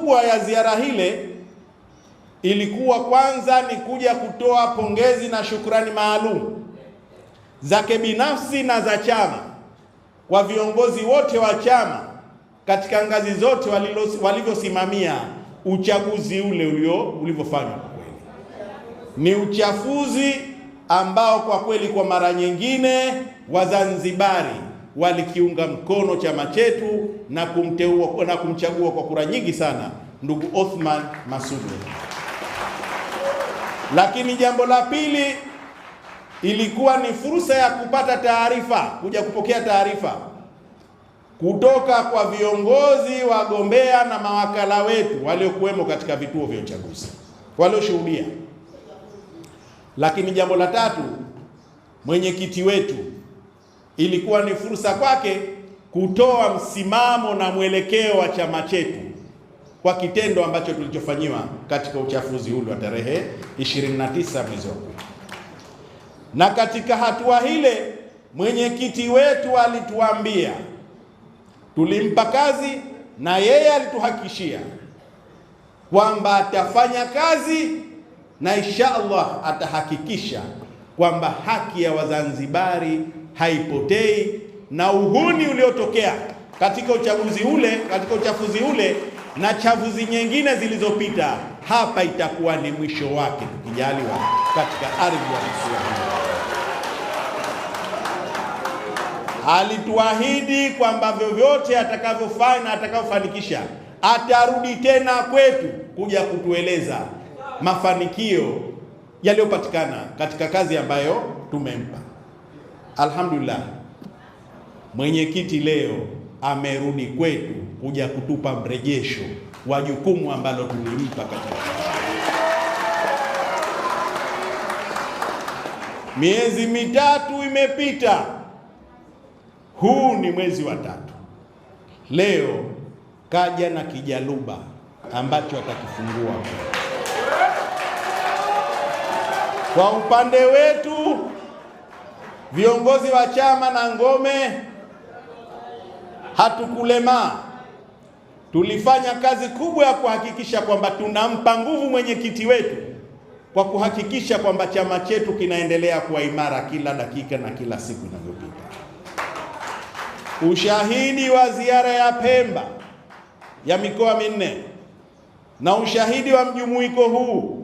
kubwa ya ziara hile ilikuwa kwanza ni kuja kutoa pongezi na shukrani maalum zake binafsi na za chama kwa viongozi wote wa chama katika ngazi zote walivyosimamia uchaguzi ule ulio ulivyofanywa. Kwa kweli ni uchafuzi ambao kwa kweli kwa mara nyingine Wazanzibari walikiunga mkono chama chetu na kumteua na kumchagua kwa kura nyingi sana ndugu Othman Masud. Lakini jambo la pili ilikuwa ni fursa ya kupata taarifa, kuja kupokea taarifa kutoka kwa viongozi, wagombea na mawakala wetu waliokuwemo katika vituo vya uchaguzi walioshuhudia. Lakini jambo la tatu, mwenyekiti wetu ilikuwa ni fursa kwake kutoa msimamo na mwelekeo wa chama chetu kwa kitendo ambacho tulichofanyiwa katika uchafuzi ule wa tarehe 29 mwezi wa Na katika hatua ile mwenyekiti wetu alituambia, tulimpa kazi na yeye alituhakikishia kwamba atafanya kazi na insha Allah atahakikisha kwamba haki ya Wazanzibari haipotei na uhuni uliotokea katika uchaguzi ule, katika uchafuzi ule na chafuzi nyingine zilizopita, hapa itakuwa ni mwisho wake tukijaliwa, katika ardhi ya Misiwani. Alituahidi kwamba vyovyote atakavyofanya, atakavyofanikisha, atarudi tena kwetu kuja kutueleza mafanikio yaliyopatikana katika kazi ambayo tumempa. Alhamdulillah, mwenyekiti leo amerudi kwetu kuja kutupa mrejesho wa jukumu ambalo tulimpa katika miezi mitatu imepita, huu ni mwezi wa tatu. Leo kaja na kijaluba ambacho atakifungua kwa upande wetu viongozi wa chama na ngome hatukulemaa, tulifanya kazi kubwa ya kuhakikisha kwamba tunampa nguvu mwenyekiti wetu kwa kuhakikisha kwamba chama chetu kinaendelea kuwa imara kila dakika na kila siku inavyopita. Ushahidi wa ziara ya Pemba ya mikoa minne na ushahidi wa mjumuiko huu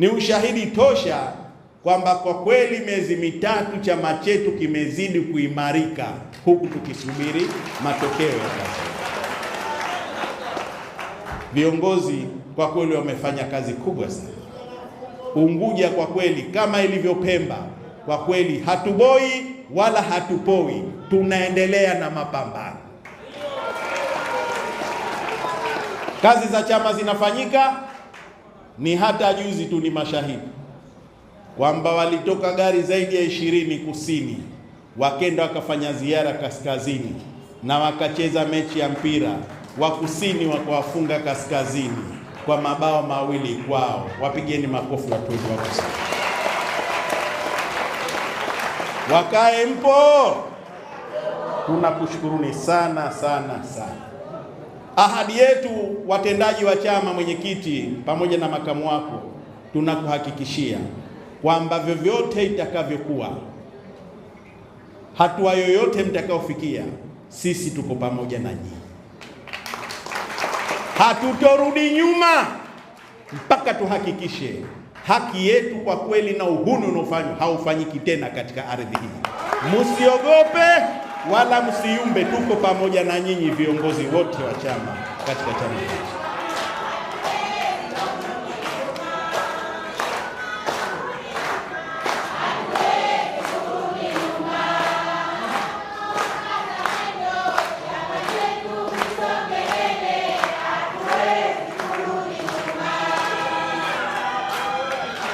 ni ushahidi tosha kwamba kwa kweli miezi mitatu chama chetu kimezidi kuimarika huku tukisubiri matokeo ya kazi. Viongozi kwa kweli wamefanya kazi kubwa sana. Unguja kwa kweli kama ilivyo Pemba, kwa kweli hatuboi wala hatupoi, tunaendelea na mapambano. Kazi za chama zinafanyika ni hata juzi tu ni mashahidi kwamba walitoka gari zaidi ya ishirini kusini, wakenda wakafanya ziara kaskazini, na wakacheza mechi ya mpira wa kusini, wakawafunga kaskazini kwa mabao mawili kwao. Wapigeni makofi watu wa kusini. Wakae mpo, tunakushukuruni sana sana sana. Ahadi yetu watendaji wa chama, mwenyekiti pamoja na makamu wako, tunakuhakikishia kwamba vyovyote itakavyokuwa, hatua yoyote mtakaofikia, sisi tuko pamoja na nyinyi, hatutorudi nyuma mpaka tuhakikishe haki yetu kwa kweli na uhuni unaofanywa haufanyiki tena katika ardhi hii. Msiogope wala msiumbe, tuko pamoja na nyinyi viongozi wote wa chama katika chama hiki.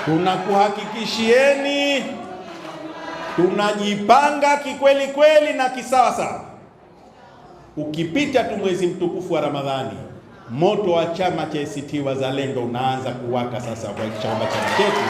Tunakuhakikishieni tunajipanga kikweli kweli na kisawa sawa. Ukipita tu mwezi mtukufu wa Ramadhani, moto wa chama cha ACT Wazalendo unaanza kuwaka sasa kwa chama chetu.